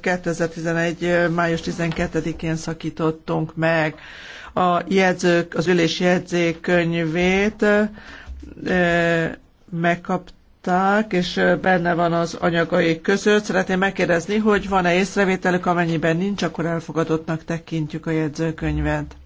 2011. május 12-én szakítottunk meg a jegyzők, az ülés jegyzékkönyvét megkapták, és benne van az anyagai között. Szeretném megkérdezni, hogy van-e észrevételük, amennyiben nincs, akkor elfogadottnak tekintjük a jegyzőkönyvet.